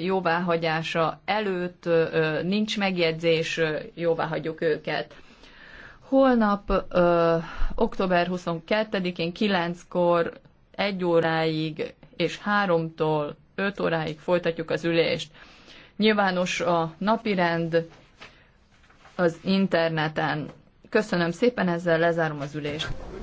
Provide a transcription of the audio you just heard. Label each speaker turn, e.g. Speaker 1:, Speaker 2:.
Speaker 1: jóváhagyása előtt nincs megjegyzés, jóváhagyjuk őket. Holnap, ö, október 22-én 9-kor 1 óráig és 3-tól 5 óráig folytatjuk az ülést. Nyilvános a napirend az interneten. Köszönöm szépen, ezzel lezárom az ülést.